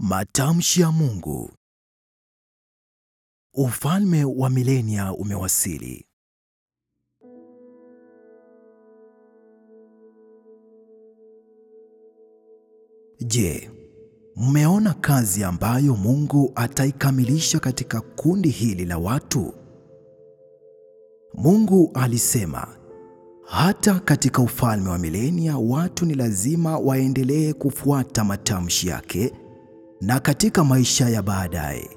Matamshi ya Mungu. Ufalme wa milenia umewasili. Je, mmeona kazi ambayo Mungu ataikamilisha katika kundi hili la watu? Mungu alisema, hata katika ufalme wa milenia watu ni lazima waendelee kufuata matamshi yake na katika maisha ya baadaye.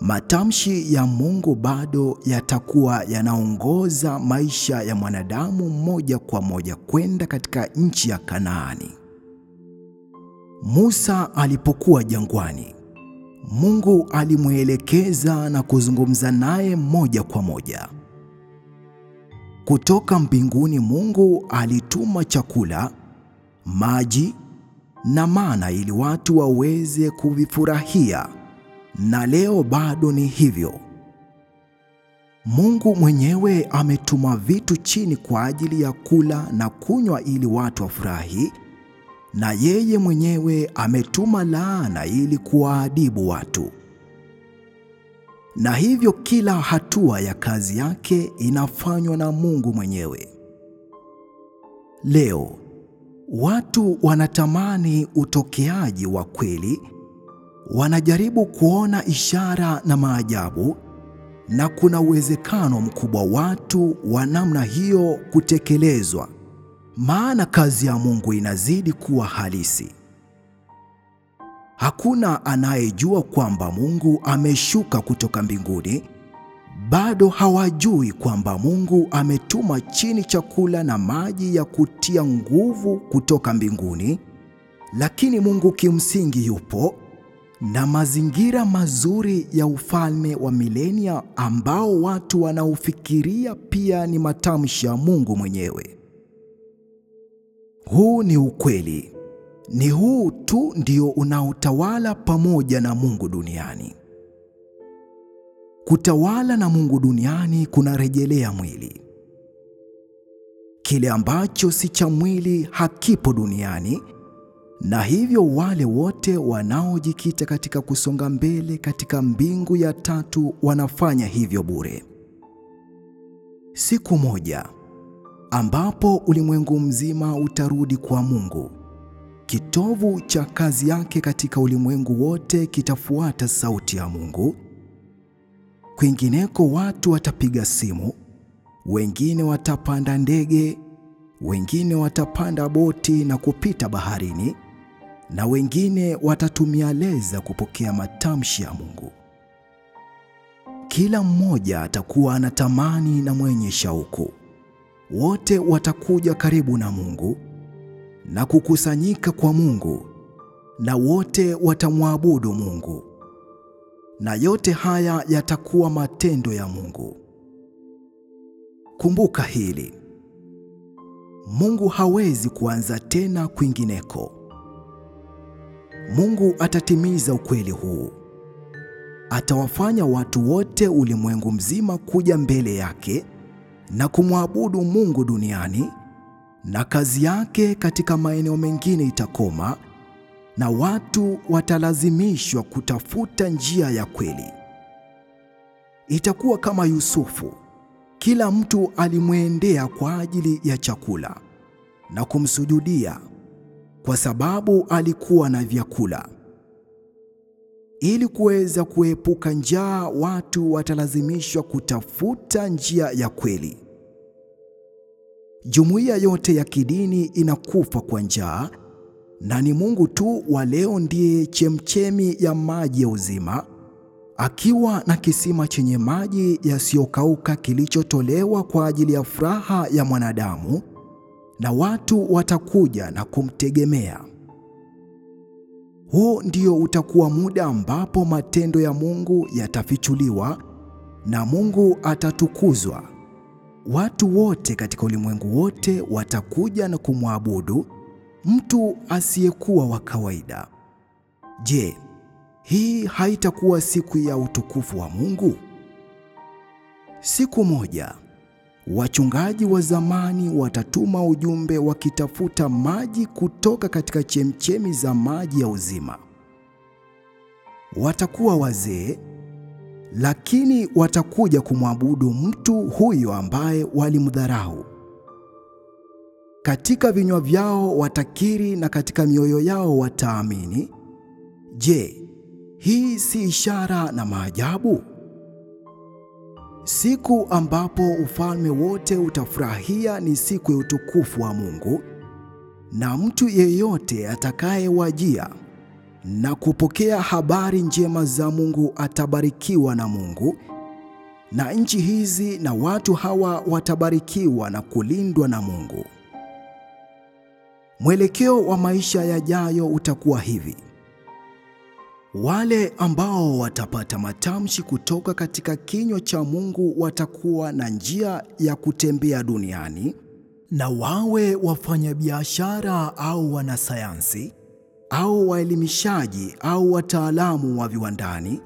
Matamshi ya Mungu bado yatakuwa yanaongoza maisha ya mwanadamu moja kwa moja kwenda katika nchi ya Kanaani. Musa alipokuwa jangwani, Mungu alimwelekeza na kuzungumza naye moja kwa moja. Kutoka mbinguni Mungu alituma chakula, maji na maana ili watu waweze kuvifurahia, na leo bado ni hivyo. Mungu mwenyewe ametuma vitu chini kwa ajili ya kula na kunywa ili watu wafurahi, na yeye mwenyewe ametuma laana ili kuwaadibu watu. Na hivyo kila hatua ya kazi yake inafanywa na Mungu mwenyewe. Leo Watu wanatamani utokeaji wa kweli, wanajaribu kuona ishara na maajabu, na kuna uwezekano mkubwa watu wa namna hiyo kutekelezwa, maana kazi ya Mungu inazidi kuwa halisi. Hakuna anayejua kwamba Mungu ameshuka kutoka mbinguni bado hawajui kwamba Mungu ametuma chini chakula na maji ya kutia nguvu kutoka mbinguni, lakini Mungu kimsingi yupo na mazingira mazuri ya ufalme wa milenia ambao watu wanaofikiria pia ni matamshi ya Mungu mwenyewe. Huu ni ukweli. Ni huu tu ndio unaotawala pamoja na Mungu duniani. Kutawala na Mungu duniani kunarejelea mwili. Kile ambacho si cha mwili hakipo duniani, na hivyo wale wote wanaojikita katika kusonga mbele katika mbingu ya tatu wanafanya hivyo bure. Siku moja ambapo ulimwengu mzima utarudi kwa Mungu, kitovu cha kazi yake katika ulimwengu wote kitafuata sauti ya Mungu Kwingineko watu watapiga simu, wengine watapanda ndege, wengine watapanda boti na kupita baharini, na wengine watatumia leza kupokea matamshi ya Mungu. Kila mmoja atakuwa anatamani na mwenye shauku. Wote watakuja karibu na Mungu na kukusanyika kwa Mungu, na wote watamwabudu Mungu na yote haya yatakuwa matendo ya Mungu. Kumbuka hili, Mungu hawezi kuanza tena kwingineko. Mungu atatimiza ukweli huu. Atawafanya watu wote ulimwengu mzima kuja mbele yake na kumwabudu Mungu duniani, na kazi yake katika maeneo mengine itakoma na watu watalazimishwa kutafuta njia ya kweli. Itakuwa kama Yusufu, kila mtu alimwendea kwa ajili ya chakula na kumsujudia kwa sababu alikuwa na vyakula. Ili kuweza kuepuka njaa, watu watalazimishwa kutafuta njia ya kweli. Jumuiya yote ya kidini inakufa kwa njaa na ni Mungu tu wa leo ndiye chemchemi ya maji ya uzima, akiwa na kisima chenye maji yasiyokauka kilichotolewa kwa ajili ya furaha ya mwanadamu, na watu watakuja na kumtegemea. Huu ndio utakuwa muda ambapo matendo ya Mungu yatafichuliwa na Mungu atatukuzwa. Watu wote katika ulimwengu wote watakuja na kumwabudu mtu asiyekuwa wa kawaida. Je, hii haitakuwa siku ya utukufu wa Mungu? Siku moja wachungaji wa zamani watatuma ujumbe wakitafuta maji kutoka katika chemchemi za maji ya uzima. Watakuwa wazee, lakini watakuja kumwabudu mtu huyo ambaye walimdharau. Katika vinywa vyao watakiri na katika mioyo yao wataamini. Je, hii si ishara na maajabu? Siku ambapo ufalme wote utafurahia ni siku ya utukufu wa Mungu, na mtu yeyote atakayewajia na kupokea habari njema za Mungu atabarikiwa na Mungu, na nchi hizi na watu hawa watabarikiwa na kulindwa na Mungu. Mwelekeo wa maisha yajayo utakuwa hivi: wale ambao watapata matamshi kutoka katika kinywa cha Mungu watakuwa na njia ya kutembea duniani, na wawe wafanyabiashara au wanasayansi au waelimishaji au wataalamu wa viwandani.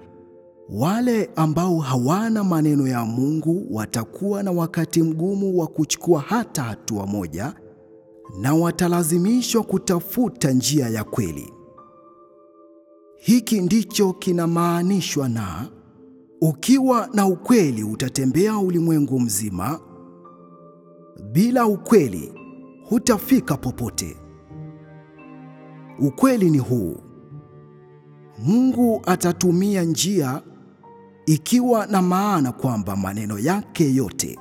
Wale ambao hawana maneno ya Mungu watakuwa na wakati mgumu wa kuchukua hata hatua moja na watalazimishwa kutafuta njia ya kweli. Hiki ndicho kinamaanishwa na ukiwa na ukweli utatembea ulimwengu mzima, bila ukweli hutafika popote. Ukweli ni huu: Mungu atatumia njia, ikiwa na maana kwamba maneno yake yote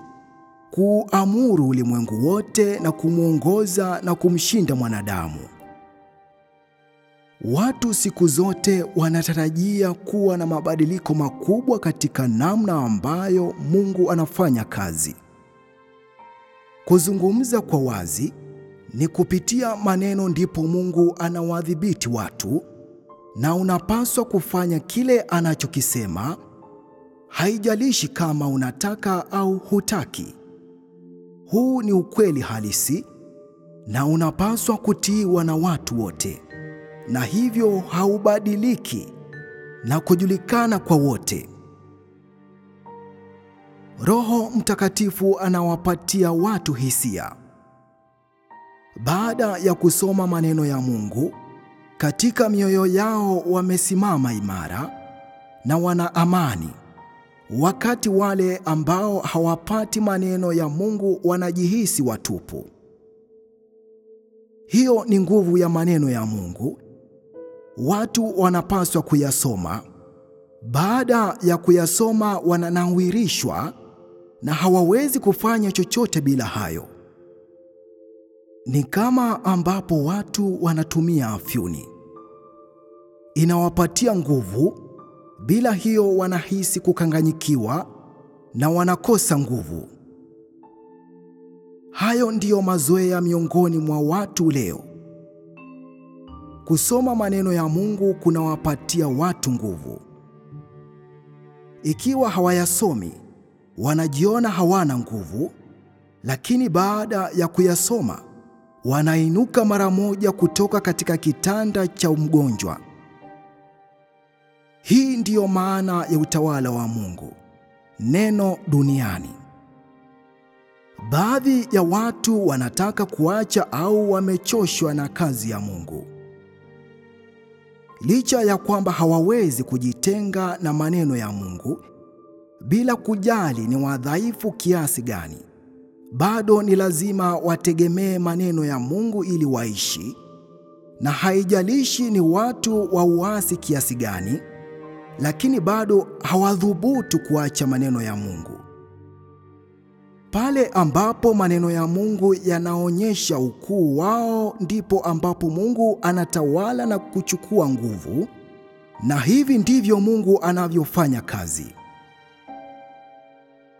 kuamuru ulimwengu wote na kumwongoza na kumshinda mwanadamu. Watu siku zote wanatarajia kuwa na mabadiliko makubwa katika namna ambayo Mungu anafanya kazi. Kuzungumza kwa wazi ni kupitia maneno ndipo Mungu anawadhibiti watu, na unapaswa kufanya kile anachokisema, haijalishi kama unataka au hutaki. Huu ni ukweli halisi na unapaswa kutiiwa na watu wote, na hivyo haubadiliki na kujulikana kwa wote. Roho Mtakatifu anawapatia watu hisia. Baada ya kusoma maneno ya Mungu, katika mioyo yao wamesimama imara na wana amani. Wakati wale ambao hawapati maneno ya Mungu wanajihisi watupu. Hiyo ni nguvu ya maneno ya Mungu. Watu wanapaswa kuyasoma. Baada ya kuyasoma, wananawirishwa na hawawezi kufanya chochote bila hayo. Ni kama ambapo watu wanatumia afyuni, inawapatia nguvu bila hiyo wanahisi kukanganyikiwa na wanakosa nguvu. Hayo ndiyo mazoea miongoni mwa watu leo. Kusoma maneno ya Mungu kunawapatia watu nguvu. Ikiwa hawayasomi, wanajiona hawana nguvu, lakini baada ya kuyasoma, wanainuka mara moja kutoka katika kitanda cha mgonjwa. Hii ndiyo maana ya utawala wa Mungu, neno duniani. Baadhi ya watu wanataka kuacha au wamechoshwa na kazi ya Mungu. Licha ya kwamba hawawezi kujitenga na maneno ya Mungu bila kujali ni wadhaifu kiasi gani, bado ni lazima wategemee maneno ya Mungu ili waishi, na haijalishi ni watu wa uasi kiasi gani lakini bado hawadhubutu kuacha maneno ya Mungu. Pale ambapo maneno ya Mungu yanaonyesha ukuu wao, ndipo ambapo Mungu anatawala na kuchukua nguvu, na hivi ndivyo Mungu anavyofanya kazi.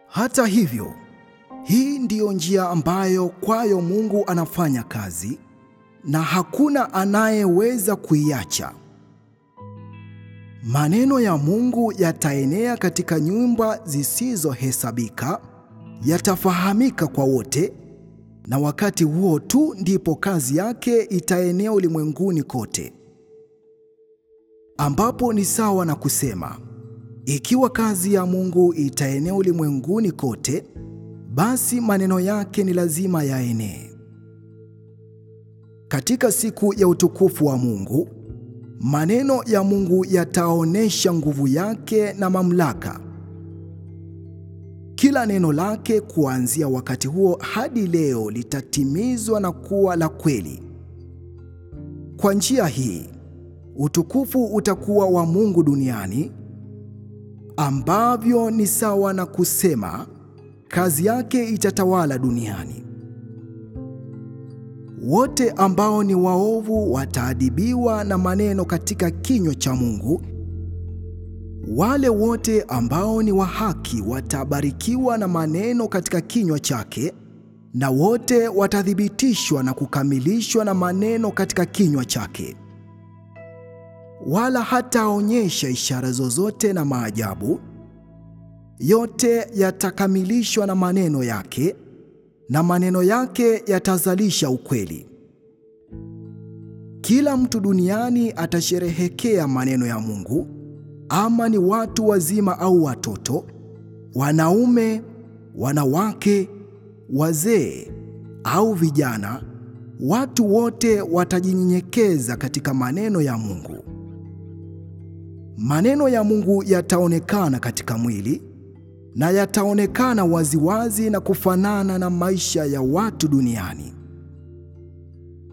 Hata hivyo, hii ndiyo njia ambayo kwayo Mungu anafanya kazi na hakuna anayeweza kuiacha. Maneno ya Mungu yataenea katika nyumba zisizohesabika, yatafahamika kwa wote, na wakati huo tu ndipo kazi yake itaenea ulimwenguni kote, ambapo ni sawa na kusema, ikiwa kazi ya Mungu itaenea ulimwenguni kote, basi maneno yake ni lazima yaenee. Katika siku ya utukufu wa Mungu Maneno ya Mungu yataonyesha nguvu yake na mamlaka. Kila neno lake kuanzia wakati huo hadi leo litatimizwa na kuwa la kweli. Kwa njia hii, utukufu utakuwa wa Mungu duniani, ambavyo ni sawa na kusema kazi yake itatawala duniani. Wote ambao ni waovu wataadibiwa na maneno katika kinywa cha Mungu. Wale wote ambao ni wa haki watabarikiwa na maneno katika kinywa chake, na wote watathibitishwa na kukamilishwa na maneno katika kinywa chake. Wala hataonyesha ishara zozote na maajabu, yote yatakamilishwa na maneno yake na maneno yake yatazalisha ukweli. Kila mtu duniani atasherehekea maneno ya Mungu, ama ni watu wazima au watoto, wanaume, wanawake, wazee au vijana, watu wote watajinyenyekeza katika maneno ya Mungu. Maneno ya Mungu yataonekana katika mwili na yataonekana waziwazi na kufanana na maisha ya watu duniani.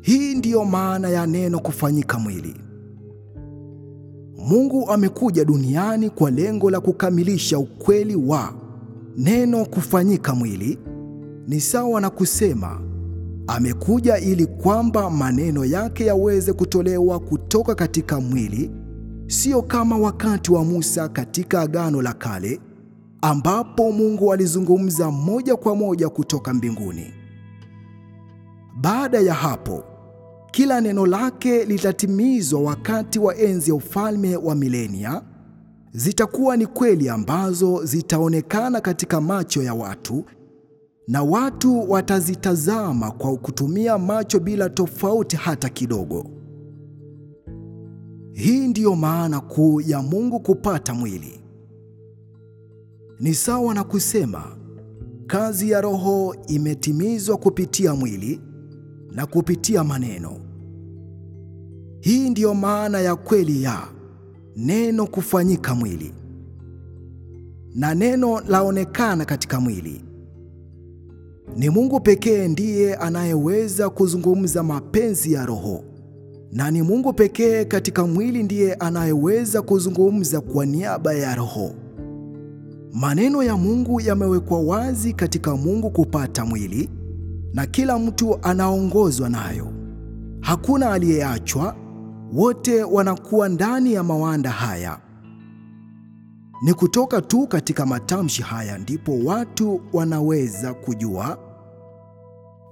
Hii ndiyo maana ya neno kufanyika mwili. Mungu amekuja duniani kwa lengo la kukamilisha ukweli wa neno kufanyika mwili. Ni sawa na kusema amekuja ili kwamba maneno yake yaweze kutolewa kutoka katika mwili, sio kama wakati wa Musa katika Agano la Kale ambapo Mungu alizungumza moja kwa moja kutoka mbinguni. Baada ya hapo, kila neno lake litatimizwa wakati wa enzi ya ufalme wa milenia. Zitakuwa ni kweli ambazo zitaonekana katika macho ya watu na watu watazitazama kwa kutumia macho bila tofauti hata kidogo. Hii ndiyo maana kuu ya Mungu kupata mwili ni sawa na kusema kazi ya Roho imetimizwa kupitia mwili na kupitia maneno. Hii ndiyo maana ya kweli ya neno kufanyika mwili, na neno laonekana katika mwili. Ni Mungu pekee ndiye anayeweza kuzungumza mapenzi ya Roho, na ni Mungu pekee katika mwili ndiye anayeweza kuzungumza kwa niaba ya Roho. Maneno ya Mungu yamewekwa wazi katika Mungu kupata mwili na kila mtu anaongozwa nayo. Hakuna aliyeachwa, wote wanakuwa ndani ya mawanda haya. Ni kutoka tu katika matamshi haya ndipo watu wanaweza kujua.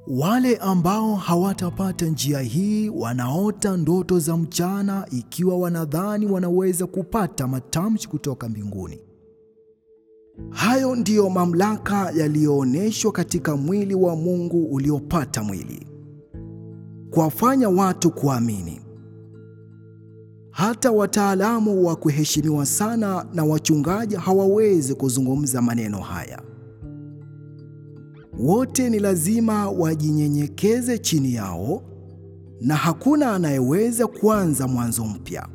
Wale ambao hawatapata njia hii wanaota ndoto za mchana ikiwa wanadhani wanaweza kupata matamshi kutoka mbinguni. Hayo ndiyo mamlaka yaliyoonyeshwa katika mwili wa Mungu uliopata mwili, kuwafanya watu kuamini. Hata wataalamu wa kuheshimiwa sana na wachungaji hawawezi kuzungumza maneno haya. Wote ni lazima wajinyenyekeze chini yao, na hakuna anayeweza kuanza mwanzo mpya.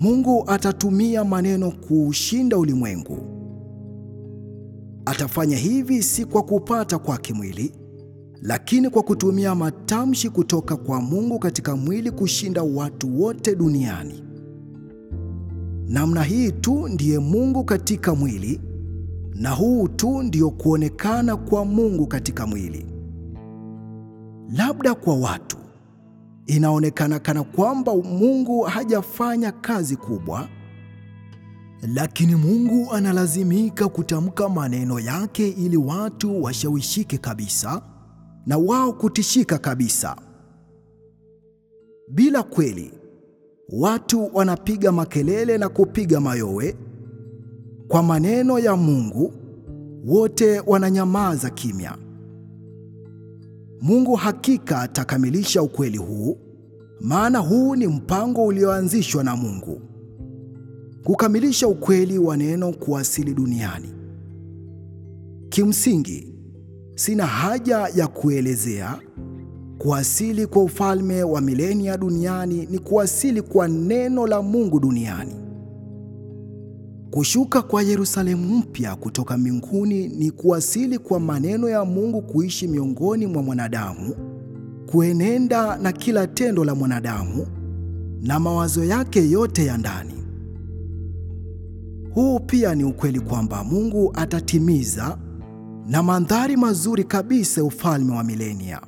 Mungu atatumia maneno kuushinda ulimwengu. Atafanya hivi si kwa kupata kwa kimwili, lakini kwa kutumia matamshi kutoka kwa Mungu katika mwili kushinda watu wote duniani. Namna hii tu ndiye Mungu katika mwili, na huu tu ndio kuonekana kwa Mungu katika mwili. Labda kwa watu inaonekana kana kwamba Mungu hajafanya kazi kubwa, lakini Mungu analazimika kutamka maneno yake ili watu washawishike kabisa na wao kutishika kabisa. Bila kweli, watu wanapiga makelele na kupiga mayowe kwa maneno ya Mungu, wote wananyamaza kimya. Mungu hakika atakamilisha ukweli huu, maana huu ni mpango ulioanzishwa na Mungu. Kukamilisha ukweli wa neno kuwasili duniani. Kimsingi, sina haja ya kuelezea kuwasili kwa ufalme wa milenia duniani ni kuwasili kwa neno la Mungu duniani. Kushuka kwa Yerusalemu mpya kutoka mbinguni ni kuwasili kwa maneno ya Mungu kuishi miongoni mwa mwanadamu, kuenenda na kila tendo la mwanadamu na mawazo yake yote ya ndani. Huu pia ni ukweli kwamba Mungu atatimiza na mandhari mazuri kabisa ufalme wa milenia.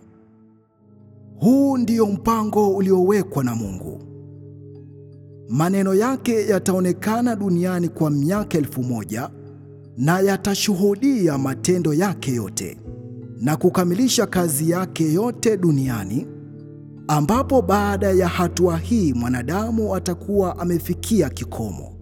Huu ndio mpango uliowekwa na Mungu maneno yake yataonekana duniani kwa miaka elfu moja na yatashuhudia matendo yake yote na kukamilisha kazi yake yote duniani, ambapo baada ya hatua hii mwanadamu atakuwa amefikia kikomo.